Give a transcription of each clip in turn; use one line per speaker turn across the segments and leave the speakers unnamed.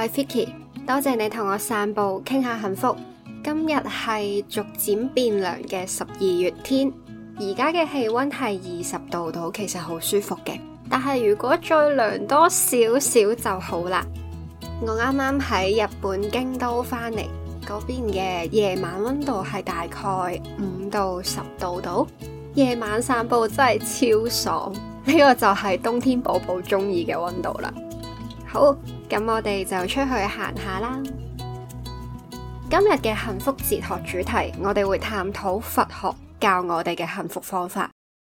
Hi，Vicky，多謝你同我散步傾下幸福。今日係逐漸變涼嘅十二月天，而家嘅氣溫係二十度度，其實好舒服嘅。但係如果再涼多少少就好啦。我啱啱喺日本京都翻嚟，嗰邊嘅夜晚溫度係大概五到十度度，夜晚散步真係超爽。呢個就係冬天寶寶中意嘅溫度啦。好，咁我哋就出去行下啦。今日嘅幸福哲學主題，我哋會探討佛學教我哋嘅幸福方法。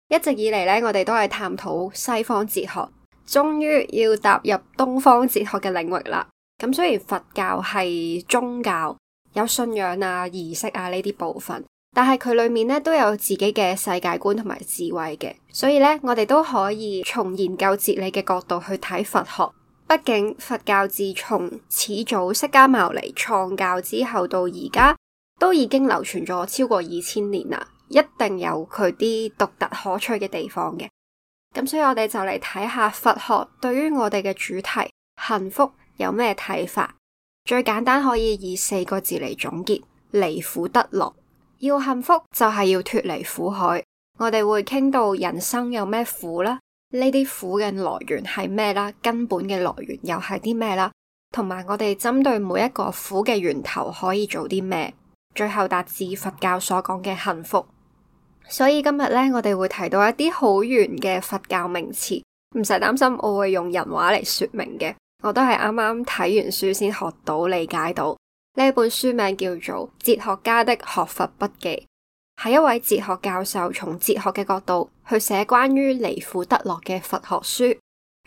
一直以嚟呢我哋都係探討西方哲學，終於要踏入東方哲學嘅領域啦。咁雖然佛教係宗教，有信仰啊、儀式啊呢啲部分，但係佢裏面呢都有自己嘅世界觀同埋智慧嘅，所以呢，我哋都可以從研究哲理嘅角度去睇佛學。畢竟佛教自從始祖釋迦牟尼創教之後到而家都已經流傳咗超過二千年啦，一定有佢啲獨特可取嘅地方嘅。咁所以我哋就嚟睇下佛學對於我哋嘅主題幸福有咩睇法。最簡單可以以四個字嚟總結：離苦得樂。要幸福就係要脫離苦海。我哋會傾到人生有咩苦啦。呢啲苦嘅來源係咩啦？根本嘅來源又係啲咩啦？同埋我哋針對每一個苦嘅源頭可以做啲咩？最後達至佛教所講嘅幸福。所以今日咧，我哋會提到一啲好玄嘅佛教名詞，唔使擔心，我會用人話嚟說明嘅。我都係啱啱睇完書先學到理解到。呢本書名叫做《哲學家的學佛筆記》。係一位哲學教授，從哲學嘅角度去寫關於離苦得樂嘅佛學書。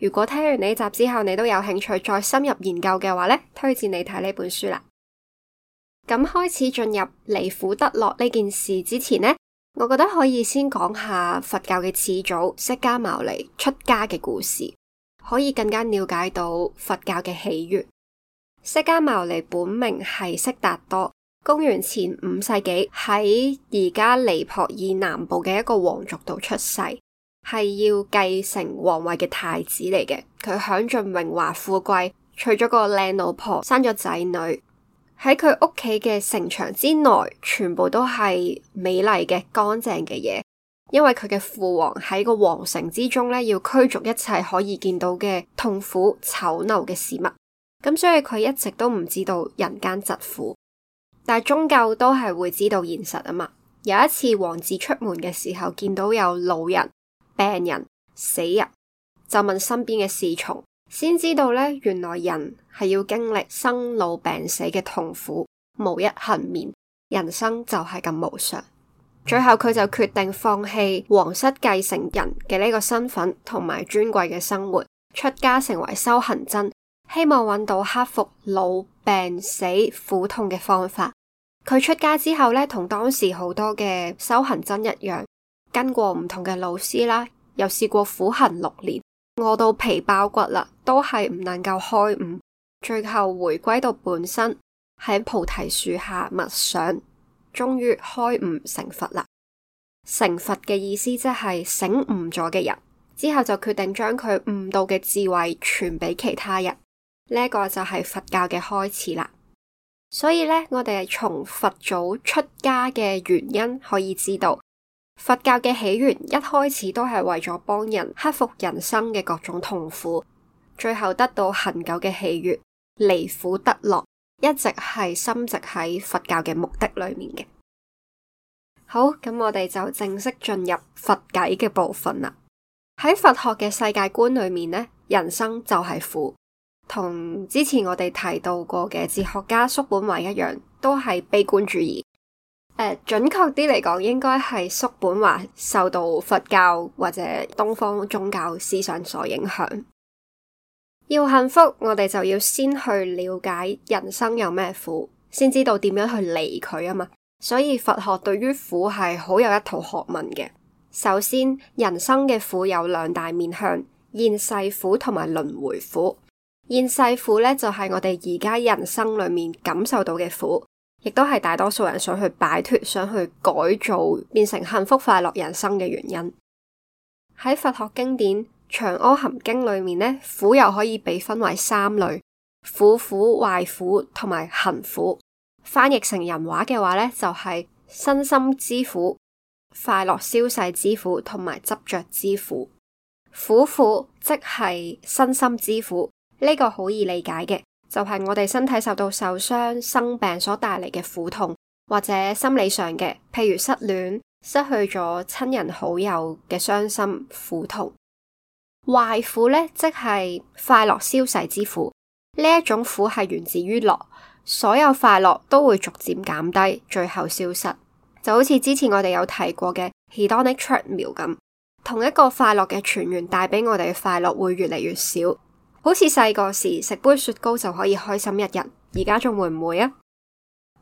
如果聽完呢集之後，你都有興趣再深入研究嘅話咧，推薦你睇呢本書啦。咁開始進入離苦得樂呢件事之前咧，我覺得可以先講下佛教嘅始祖釋迦牟尼出家嘅故事，可以更加了解到佛教嘅起源。釋迦牟尼本名係悉達多。公元前五世紀，喺而家尼泊爾南部嘅一個皇族度出世，係要繼承皇位嘅太子嚟嘅。佢享盡榮華富貴，娶咗個靚老婆，生咗仔女。喺佢屋企嘅城牆之內，全部都係美麗嘅、乾淨嘅嘢。因為佢嘅父皇喺個皇城之中咧，要驅逐一切可以見到嘅痛苦、醜陋嘅事物。咁所以佢一直都唔知道人間疾苦。但係終究都係會知道現實啊嘛。有一次，王子出門嘅時候，見到有老人、病人、死人，就問身邊嘅侍從，先知道咧，原來人係要經歷生老病死嘅痛苦，無一幸免，人生就係咁無常。最後佢就決定放棄皇室繼承人嘅呢個身份同埋尊貴嘅生活，出家成為修行僧。希望揾到克服老病死苦痛嘅方法。佢出家之後呢，同當時好多嘅修行僧一樣，跟過唔同嘅老師啦，又試過苦行六年，餓到皮包骨啦，都係唔能夠開悟。最後回歸到本身喺菩提樹下默想，終於開悟成佛啦。成佛嘅意思即係醒悟咗嘅人。之後就決定將佢悟到嘅智慧傳俾其他人。呢一個就係佛教嘅開始啦，所以呢，我哋係從佛祖出家嘅原因可以知道，佛教嘅起源一開始都係為咗幫人克服人生嘅各種痛苦，最後得到恆久嘅喜悅，離苦得樂，一直係深植喺佛教嘅目的裏面嘅。好，咁我哋就正式進入佛偈嘅部分啦。喺佛學嘅世界觀裏面呢，人生就係苦。同之前我哋提到過嘅哲學家叔本華一樣，都係悲觀主義。誒、呃，準確啲嚟講，應該係叔本華受到佛教或者東方宗教思想所影響。要幸福，我哋就要先去了解人生有咩苦，先知道點樣去理佢啊嘛。所以佛學對於苦係好有一套學問嘅。首先，人生嘅苦有兩大面向：現世苦同埋輪回苦。現世苦呢，就係、是、我哋而家人生裏面感受到嘅苦，亦都係大多數人想去擺脫、想去改造，變成幸福快樂人生嘅原因。喺佛學經典《長阿含經》裏面呢，苦又可以被分為三類：苦苦、壞苦同埋行苦。翻譯成人話嘅話呢，就係、是、身心之苦、快樂消逝之苦同埋執着之苦。苦苦，即係身心之苦。呢個好易理解嘅，就係、是、我哋身體受到受傷、生病所帶嚟嘅苦痛，或者心理上嘅，譬如失戀、失去咗親人好友嘅傷心苦痛。壞苦咧，即係快樂消逝之苦。呢一種苦係源自於樂，所有快樂都會逐漸減低，最後消失。就好似之前我哋有提過嘅《hedonic treadmill》咁，同一個快樂嘅泉源帶俾我哋嘅快樂會越嚟越少。好似細個時食杯雪糕就可以開心一日，日，而家仲會唔會啊？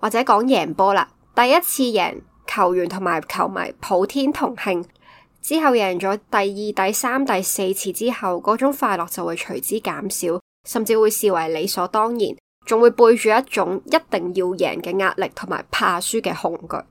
或者講贏波啦，第一次贏球員同埋球迷普天同慶，之後贏咗第二、第三、第四次之後，嗰種快樂就會隨之減少，甚至會視為理所當然，仲會背住一種一定要贏嘅壓力同埋怕輸嘅恐懼。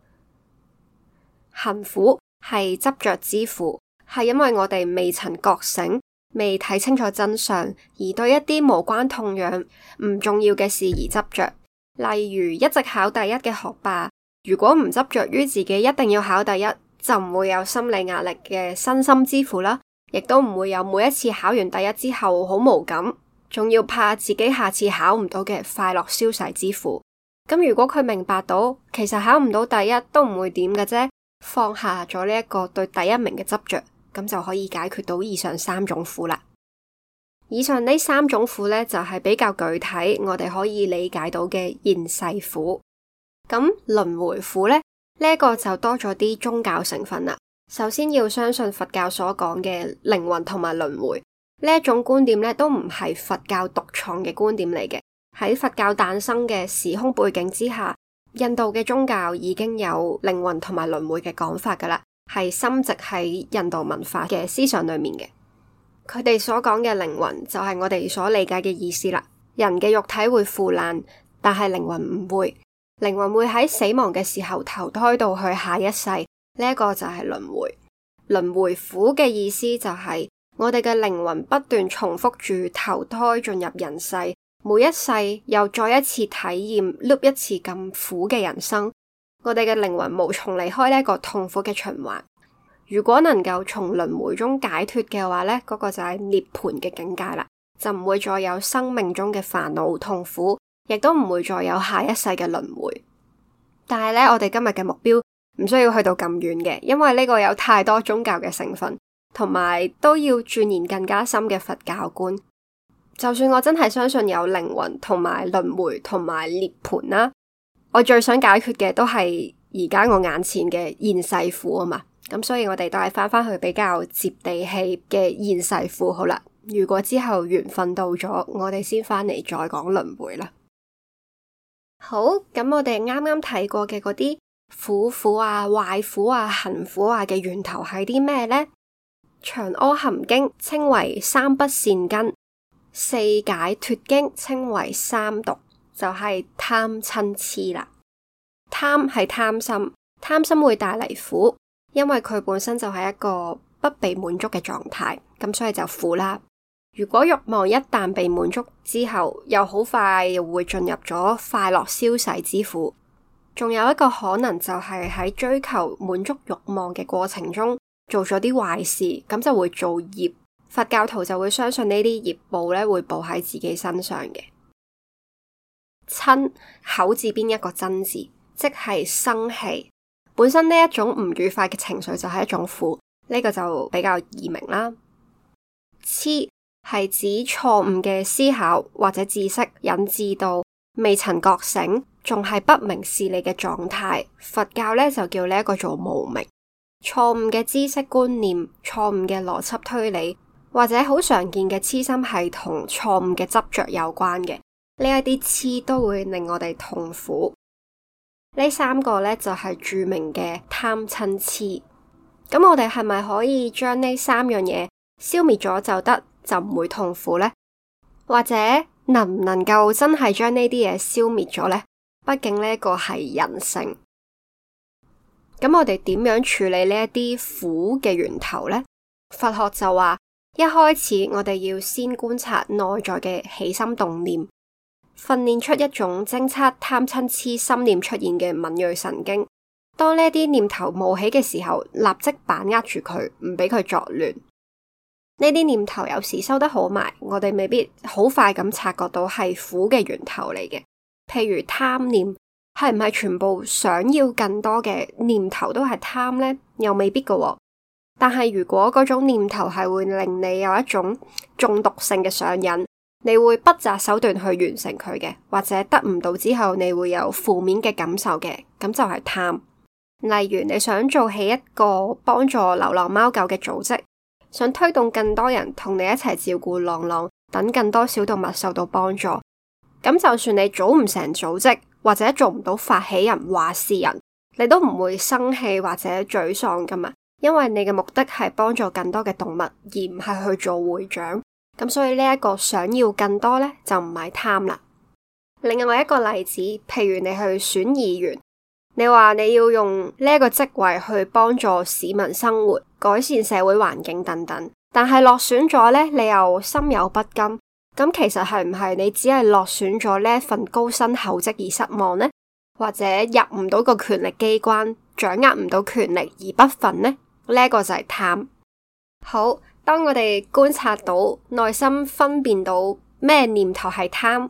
行苦係執着之苦，係因為我哋未曾覺醒。未睇清楚真相，而對一啲無關痛癢、唔重要嘅事而執着，例如一直考第一嘅學霸，如果唔執着於自己一定要考第一，就唔會有心理壓力嘅身心之苦啦，亦都唔會有每一次考完第一之後好無感，仲要怕自己下次考唔到嘅快樂消逝之苦。咁如果佢明白到，其實考唔到第一都唔會點嘅啫，放下咗呢一個對第一名嘅執着。咁就可以解決到以上三種苦啦。以上呢三種苦呢，就係比較具體，我哋可以理解到嘅現世苦。咁輪迴苦呢，呢一個就多咗啲宗教成分啦。首先要相信佛教所講嘅靈魂同埋輪迴，呢一種觀點呢，都唔係佛教獨創嘅觀點嚟嘅。喺佛教誕生嘅時空背景之下，印度嘅宗教已經有靈魂同埋輪迴嘅講法噶啦。係深植喺印度文化嘅思想裏面嘅，佢哋所講嘅靈魂就係我哋所理解嘅意思啦。人嘅肉體會腐爛，但係靈魂唔會，靈魂會喺死亡嘅時候投胎到去下一世，呢一個就係輪迴。輪迴苦嘅意思就係我哋嘅靈魂不斷重複住投胎進入人世，每一世又再一次體驗，碌一次咁苦嘅人生。我哋嘅靈魂無從離開呢一個痛苦嘅循環。如果能夠從輪回中解脱嘅話呢，嗰個就係涅槃嘅境界啦，就唔會再有生命中嘅煩惱痛苦，亦都唔會再有下一世嘅輪回。但係呢，我哋今日嘅目標唔需要去到咁遠嘅，因為呢個有太多宗教嘅成分，同埋都要鑽研更加深嘅佛教觀。就算我真係相信有靈魂同埋輪回同埋涅槃啦。我最想解決嘅都係而家我眼前嘅現世苦啊嘛，咁所以我哋都係翻返去比較接地氣嘅現世苦好啦。如果之後緣分到咗，我哋先翻嚟再講輪迴啦。好，咁我哋啱啱睇過嘅嗰啲苦苦啊、壞苦啊、行苦啊嘅源頭係啲咩呢？長阿含經稱為三不善根，四解脫經稱為三毒。就係貪嗔癡啦，貪係貪心，貪心會帶嚟苦，因為佢本身就係一個不被滿足嘅狀態，咁所以就苦啦。如果欲望一旦被滿足之後，又好快又會進入咗快樂消逝之苦。仲有一個可能就係喺追求滿足欲望嘅過程中做咗啲壞事，咁就會造業。佛教徒就會相信呢啲業報咧會報喺自己身上嘅。嗔，口字邊一個真字，即係生氣。本身呢一種唔愉快嘅情緒就係一種苦，呢、這個就比較易明啦。痴係指錯誤嘅思考或者知識引致到未曾覺醒，仲係不明事理嘅狀態。佛教呢，就叫呢一個做無明。錯誤嘅知識觀念、錯誤嘅邏輯推理，或者好常見嘅痴心係同錯誤嘅執着有關嘅。呢一啲癡都會令我哋痛苦。呢三個呢，就係著名嘅貪嗔癡。咁我哋係咪可以將呢三樣嘢消滅咗就得，就唔會痛苦呢？或者能唔能夠真係將呢啲嘢消滅咗呢？畢竟呢個係人性。咁我哋點樣處理呢一啲苦嘅源頭呢？佛學就話，一開始我哋要先觀察內在嘅起心動念。訓練出一種偵測貪嗔癡心念出現嘅敏銳神經，當呢啲念頭冒起嘅時候，立即把握住佢，唔俾佢作亂。呢啲念頭有時收得好埋，我哋未必好快咁察覺到係苦嘅源頭嚟嘅。譬如貪念，係唔係全部想要更多嘅念頭都係貪呢？又未必噶。但係如果嗰種念頭係會令你有一種中毒性嘅上癮。你會不擇手段去完成佢嘅，或者得唔到之後你會有負面嘅感受嘅，咁就係貪。例如你想做起一個幫助流浪貓狗嘅組織，想推動更多人同你一齊照顧浪浪，等更多小動物受到幫助。咁就算你組唔成組織，或者做唔到發起人、話事人，你都唔會生氣或者沮喪噶嘛，因為你嘅目的係幫助更多嘅動物，而唔係去做會長。咁所以呢一個想要更多呢，就唔係貪啦。另外一個例子，譬如，你去選議員，你話你要用呢一個職位去幫助市民生活、改善社會環境等等，但係落選咗呢，你又心有不甘。咁其實係唔係你只係落選咗呢一份高薪厚職而失望呢？或者入唔到個權力機關，掌握唔到權力而不忿呢？呢一個就係貪。好。當我哋觀察到，內心分辨到咩念頭係貪，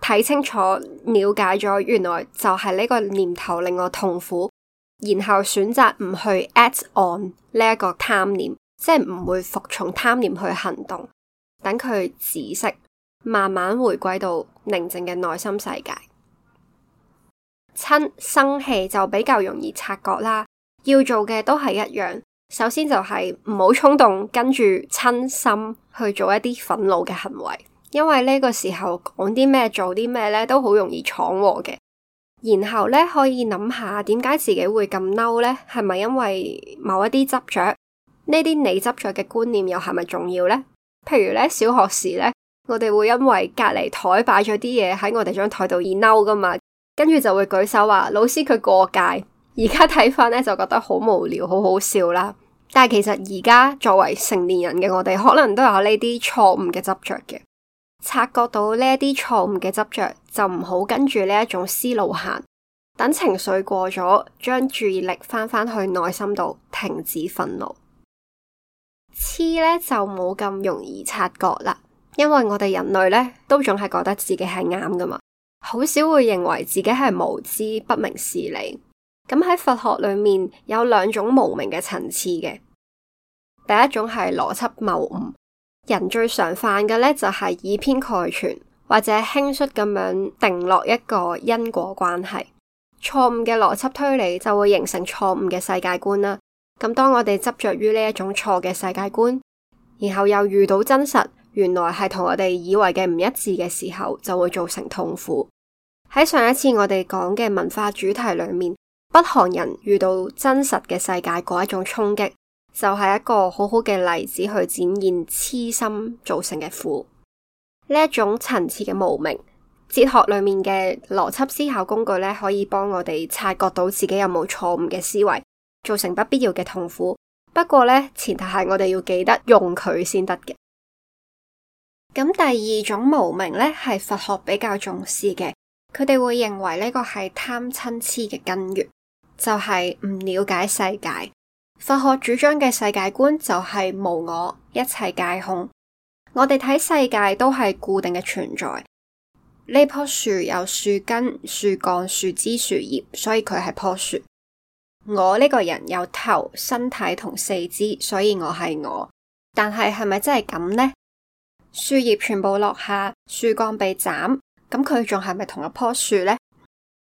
睇清楚、了解咗，原來就係呢個念頭令我痛苦，然後選擇唔去 act on 呢一個貪念，即係唔會服從貪念去行動，等佢止息，慢慢回歸到寧靜嘅內心世界。嗔，生氣就比較容易察覺啦，要做嘅都係一樣。首先就係唔好衝動跟住親心去做一啲憤怒嘅行為，因為呢個時候講啲咩做啲咩咧都好容易闖禍嘅。然後咧可以諗下點解自己會咁嬲咧？係咪因為某一啲執着？呢啲你執着嘅觀念又係咪重要咧？譬如咧小學時咧，我哋會因為隔籬台擺咗啲嘢喺我哋張台度而嬲噶嘛，跟住就會舉手話老師佢過界。而家睇返呢，就覺得好無聊，好好笑啦。但係其實而家作為成年人嘅我哋，可能都有呢啲錯誤嘅執着嘅。察覺到呢啲錯誤嘅執着，就唔好跟住呢一種思路行。等情緒過咗，將注意力翻返去內心度，停止憤怒。黐咧，就冇咁容易察覺啦，因為我哋人類咧都總係覺得自己係啱㗎嘛，好少會認為自己係無知不明事理。咁喺佛學裏面有兩種無明嘅層次嘅，第一種係邏輯謬誤，人最常犯嘅咧就係、是、以偏概全或者輕率咁樣定落一個因果關係，錯誤嘅邏輯推理就會形成錯誤嘅世界觀啦。咁當我哋執着於呢一種錯嘅世界觀，然後又遇到真實，原來係同我哋以為嘅唔一致嘅時候，就會造成痛苦。喺上一次我哋講嘅文化主題裏面。北韓人遇到真實嘅世界嗰一種衝擊，就係一個好好嘅例子去展現痴心造成嘅苦。呢一種層次嘅無明，哲學裏面嘅邏輯思考工具呢，可以幫我哋察覺到自己有冇錯誤嘅思維，造成不必要嘅痛苦。不過呢，前提係我哋要記得用佢先得嘅。咁第二種無明呢，係佛學比較重視嘅，佢哋會認為呢個係貪嗔癡嘅根源。就係唔了解世界，佛學主張嘅世界觀就係無我，一切皆空。我哋睇世界都係固定嘅存在。呢棵樹有樹根、樹幹、樹枝、樹葉，所以佢係棵樹。我呢個人有頭、身體同四肢，所以我係我。但係係咪真係咁呢？樹葉全部落下，樹幹被斬，咁佢仲係咪同一棵樹呢？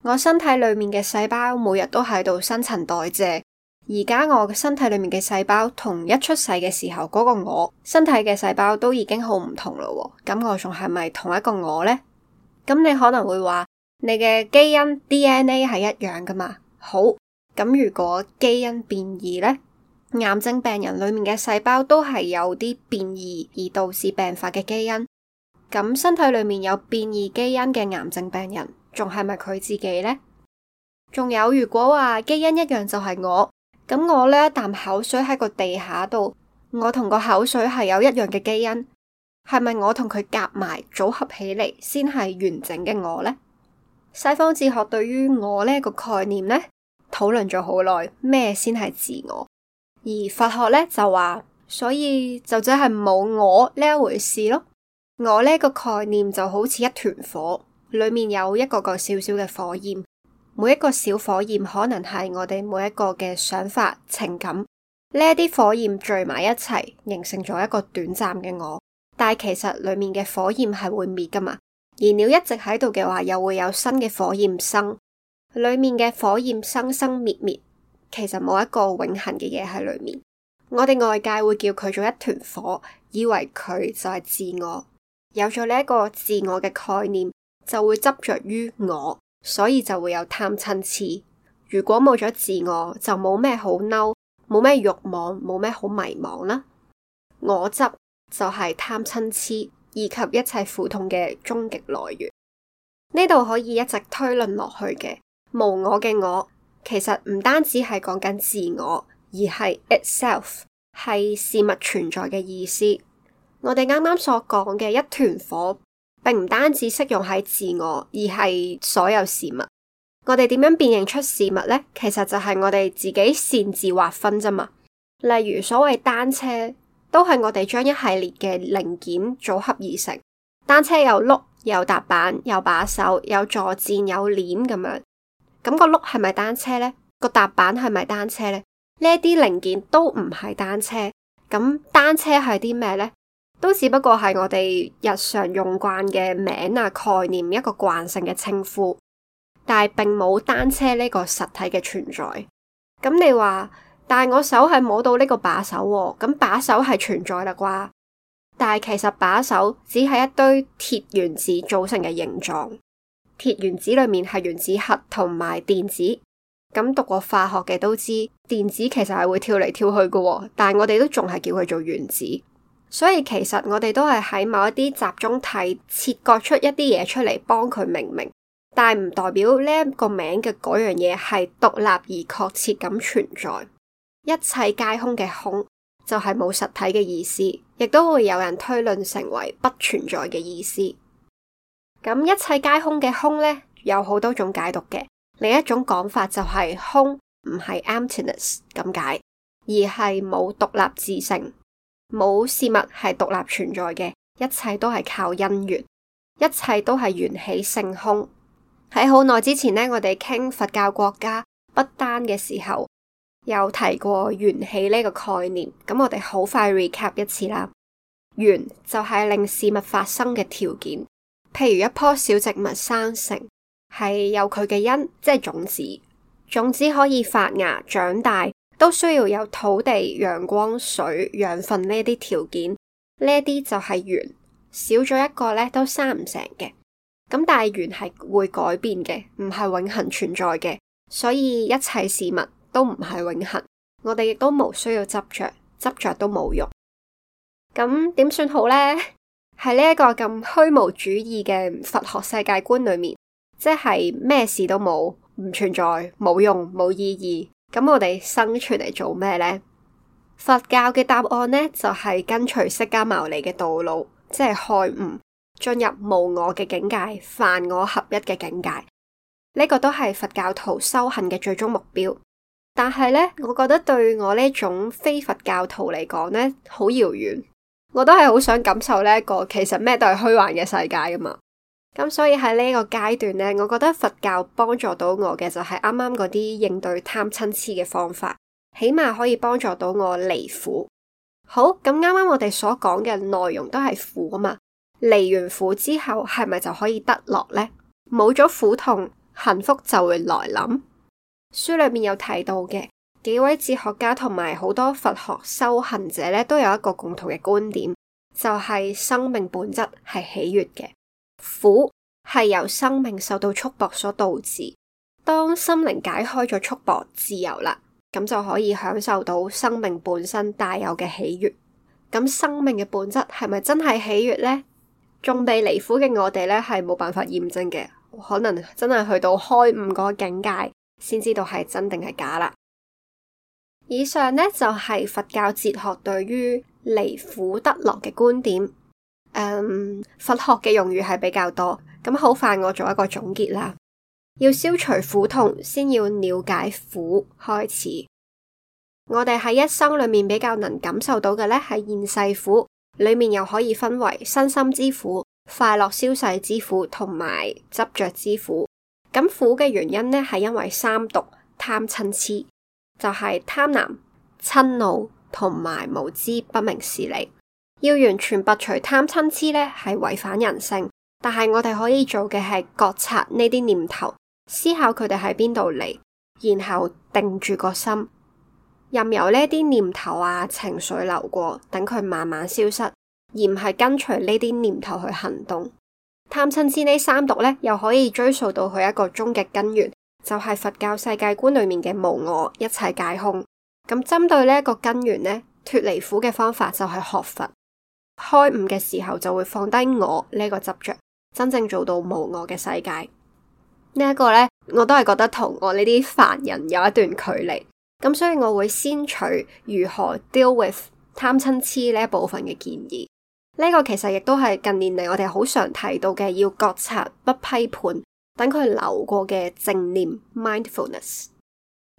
我身體裏面嘅細胞每日都喺度新陳代謝。而家我身體裏面嘅細胞，同一出世嘅時候嗰個我身體嘅細胞都已經好唔同咯。咁我仲係咪同一個我呢？咁你可能會話，你嘅基因 DNA 係一樣噶嘛？好，咁如果基因變異呢？癌症病人裏面嘅細胞都係有啲變異而導致病發嘅基因。咁身體裏面有變異基因嘅癌症病人。仲係咪佢自己呢？仲有，如果話基因一樣就係我，咁我呢一啖口水喺個地下度，我同個口水係有一樣嘅基因，係咪我同佢夾埋組合起嚟先係完整嘅我呢？西方哲學對於我呢個概念呢，討論咗好耐，咩先係自我？而佛學呢，就話，所以就淨係冇我呢一回事咯。我呢個概念就好似一團火。裏面有一個個小小嘅火焰，每一個小火焰可能係我哋每一個嘅想法、情感。呢一啲火焰聚埋一齊，形成咗一個短暫嘅我。但係其實裏面嘅火焰係會滅㗎嘛？燃料一直喺度嘅話，又會有新嘅火焰生。裏面嘅火焰生生滅滅，其實冇一個永恒嘅嘢喺裏面。我哋外界會叫佢做一團火，以為佢就係自我。有咗呢一個自我嘅概念。就會執着於我，所以就會有貪嗔癡。如果冇咗自我，就冇咩好嬲，冇咩欲望，冇咩好迷茫啦。我執就係貪嗔癡以及一切苦痛嘅終極來源。呢度可以一直推論落去嘅，無我嘅我，其實唔單止係講緊自我，而係 itself 係事物存在嘅意思。我哋啱啱所講嘅一團火。並唔單止適用喺自我，而係所有事物。我哋點樣辨認出事物呢？其實就係我哋自己擅自劃分啫嘛。例如所謂單車，都係我哋將一系列嘅零件組合而成。單車有碌，有踏板，有把手，有坐墊，有鏈咁樣。咁個碌係咪單車呢？個踏板係咪單車呢？呢啲零件都唔係單車。咁單車係啲咩呢？都只不過係我哋日常用慣嘅名，啊概念，一個慣性嘅稱呼，但係並冇單車呢個實體嘅存在。咁你話，但係我手係摸到呢個把手喎。哦，咁把手係存在啦啩？但係其實把手只係一堆鐵原子組成嘅形狀。鐵原子裏面係原子核同埋電子。咁讀過化學嘅都知，電子其實係會跳嚟跳去嘅。哦，但係我哋都仲係叫佢做原子。所以其實我哋都係喺某一啲集中體切割出一啲嘢出嚟幫佢命名，但唔代表呢一個名嘅嗰樣嘢係獨立而確切咁存在。一切皆空嘅空就係冇實體嘅意思，亦都會有人推論成為不存在嘅意思。咁一切皆空嘅空咧，有好多種解讀嘅。另一種講法就係空唔係 emptiness 咁解，而係冇獨立自性。冇事物係獨立存在嘅，一切都係靠因緣，一切都係緣起性空。喺好耐之前呢，我哋傾佛教國家不丹嘅時候，有提過緣起呢個概念。咁我哋好快 recap 一次啦。緣就係令事物發生嘅條件，譬如一棵小植物生成，係有佢嘅因，即係種子，種子可以發芽長大，都需要有土地、陽光、水、養分呢啲條件，呢啲就係緣，少咗一個呢都生唔成嘅。咁但係緣係會改變嘅，唔係永恆存在嘅，所以一切事物都唔係永恆，我哋亦都冇需要執着，執着都冇用。咁點算好呢？喺呢一個咁虛無主義嘅佛學世界觀裏面，即係咩事都冇，唔存在，冇用，冇意義。咁我哋生存嚟做咩呢？佛教嘅答案呢，就係、是、跟隨釋迦牟尼嘅道路，即係開悟，進入無我嘅境界，梵我合一嘅境界。呢、這個都係佛教徒修行嘅最終目標。但係呢，我覺得對我呢種非佛教徒嚟講呢，好遙遠。我都係好想感受呢一個，其實咩都係虛幻嘅世界㗎嘛。咁所以喺呢個階段呢，我覺得佛教幫助到我嘅就係啱啱嗰啲應對貪嗔癡嘅方法，起碼可以幫助到我離苦。好，咁啱啱我哋所講嘅內容都係苦啊嘛，離完苦之後係咪就可以得樂呢？冇咗苦痛，幸福就會來臨。書裏面有提到嘅幾位哲學家同埋好多佛學修行者呢，都有一個共同嘅觀點，就係生命本質係喜悅嘅。苦係由生命受到束縛所導致，當心靈解開咗束縛，自由啦，咁就可以享受到生命本身帶有嘅喜悅。咁生命嘅本質係咪真係喜悅呢？仲被離苦嘅我哋咧，係冇辦法驗證嘅，可能真係去到開悟嗰個境界，先知道係真定係假啦。以上呢，就係、是、佛教哲學對於離苦得樂嘅觀點。佛、um, 學嘅用語係比較多，咁好快我做一個總結啦。要消除苦痛，先要了解苦開始。我哋喺一生裏面比較能感受到嘅呢係現世苦裏面又可以分為身心之苦、快樂消逝之苦同埋執着之苦。咁苦嘅原因呢，係因為三毒：貪、嗔、痴。就係貪婪、嗔怒同埋無知不明事理。要完全拔除貪嗔癡咧，係違反人性。但係我哋可以做嘅係覺察呢啲念頭，思考佢哋喺邊度嚟，然後定住個心，任由呢啲念頭啊、情緒流過，等佢慢慢消失，而唔係跟隨呢啲念頭去行動。貪嗔癡呢三毒咧，又可以追溯到佢一個終極根源，就係佛教世界觀裏面嘅無我、一切皆空。咁針對呢一個根源咧，脫離苦嘅方法就係學佛。開悟嘅時候就會放低我呢個執着，真正做到無我嘅世界。這個、呢一個咧，我都係覺得同我呢啲凡人有一段距離。咁所以我會先取如何 deal with 貪嗔癡呢一部分嘅建議。呢、這個其實亦都係近年嚟我哋好常提到嘅，要覺察不批判，等佢流過嘅正念 mindfulness。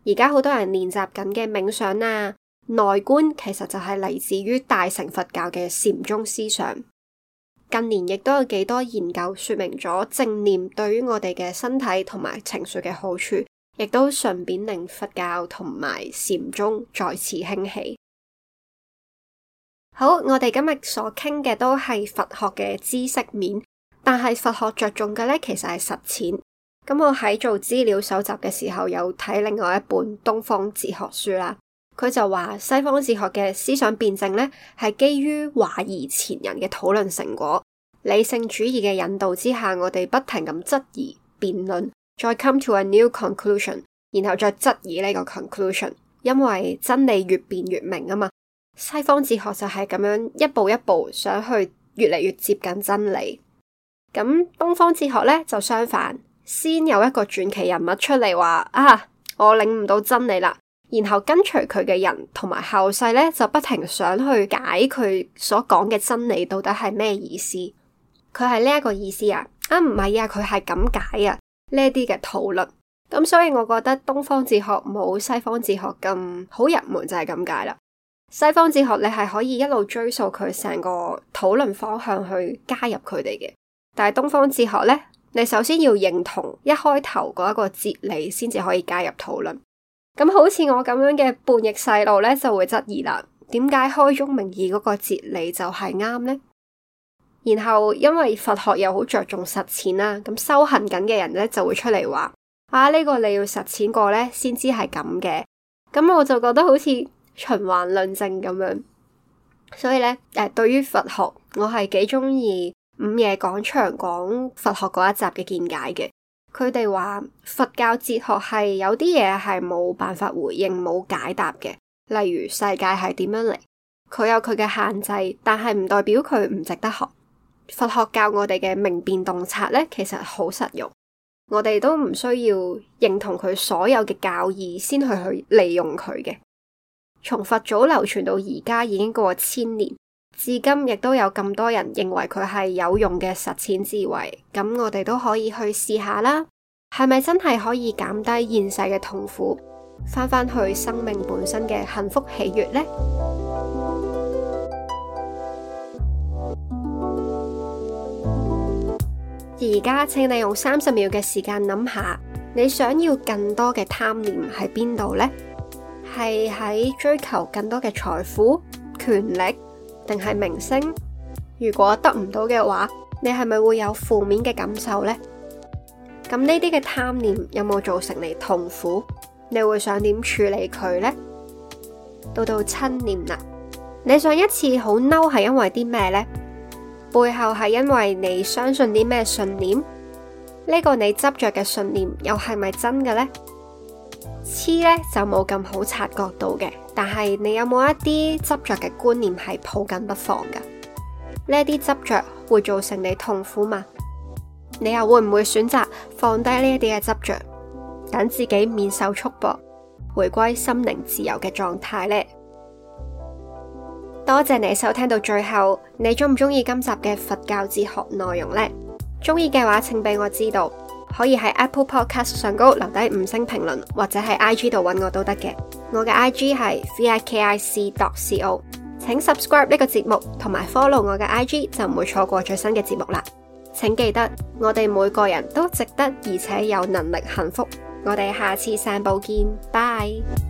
而家好多人練習緊嘅冥想啊。內觀其實就係嚟自於大乘佛教嘅禪宗思想。近年亦都有幾多研究說明咗正念對於我哋嘅身體同埋情緒嘅好處，亦都順便令佛教同埋禪宗再次興起。好，我哋今日所傾嘅都係佛學嘅知識面，但係佛學着重嘅呢，其實係實踐。咁我喺做資料搜集嘅時候，有睇另外一本東方哲學書啦。佢就話西方哲學嘅思想辯證呢，係基於懷疑前人嘅討論成果，理性主義嘅引導之下，我哋不停咁質疑、辯論，再 come to a new conclusion，然後再質疑呢個 conclusion，因為真理越辯越明啊嘛。西方哲學就係咁樣一步一步想去越嚟越接近真理。咁東方哲學呢，就相反，先有一個傳奇人物出嚟話啊，我領悟到真理啦。然後跟隨佢嘅人同埋後世咧，就不停想去解佢所講嘅真理到底係咩意思？佢係呢一個意思啊？啊唔係啊，佢係咁解啊，呢一啲嘅討論。咁所以我覺得東方哲學冇西方哲學咁好入門，就係咁解啦。西方哲學你係可以一路追溯佢成個討論方向去加入佢哋嘅，但係東方哲學咧，你首先要認同一開頭嗰一個哲理先至可以加入討論。咁好似我咁樣嘅叛逆細路呢，就會質疑啦。「點解開宗明義嗰個哲理就係啱呢？」然後因為佛學又好着重實踐啦，咁修行緊嘅人呢就會出嚟話：「啊，呢個你要實踐過呢，先知係咁嘅。」咁我就覺得好似循環論證咁樣。所以呢，誒，對於佛學，我係幾中意五夜講場講佛學嗰一集嘅見解嘅。佢哋話佛教哲學係有啲嘢，係冇辦法回應、冇解答嘅，例如世界係點樣嚟，佢有佢嘅限制，但係唔代表佢唔值得學。佛學教我哋嘅明辨洞察呢，其實好實用，我哋都唔需要認同佢所有嘅教義先去去利用佢嘅。從佛祖流傳到而家已經過千年。至今亦都有咁多人認為佢係有用嘅實踐智慧，咁我哋都可以去試下啦，係咪真係可以減低現世嘅痛苦，翻返去生命本身嘅幸福喜悅呢？而家請你用三十秒嘅時間諗下，你想要更多嘅貪念喺邊度呢？係喺追求更多嘅財富、權力？定係明星，如果得唔到嘅話，你係咪會有負面嘅感受呢？咁呢啲嘅貪念有冇造成你痛苦？你會想點處理佢呢？到到嗔念啦，你上一次好嬲係因爲啲咩呢？背後係因爲你相信啲咩信念？呢個你執着嘅信念又係咪真嘅呢？痴咧就冇咁好察覺到嘅，但係你有冇一啲執着嘅觀念係抱緊不放噶？呢一啲執着會造成你痛苦嗎？你又會唔會選擇放低呢一啲嘅執着，等自己免受束縛，回歸心靈自由嘅狀態呢？多謝你收聽到最後，你中唔中意今集嘅佛教哲學內容呢？中意嘅話，請俾我知道。可以喺 Apple Podcast 上高留低五星評論，或者喺 IG 度揾我都得嘅。我嘅 IG 係 vikic.co。請 subscribe 呢個節目，同埋 follow 我嘅 IG 就唔會錯過最新嘅節目啦。請記得，我哋每個人都值得而且有能力幸福。我哋下次散步見，拜。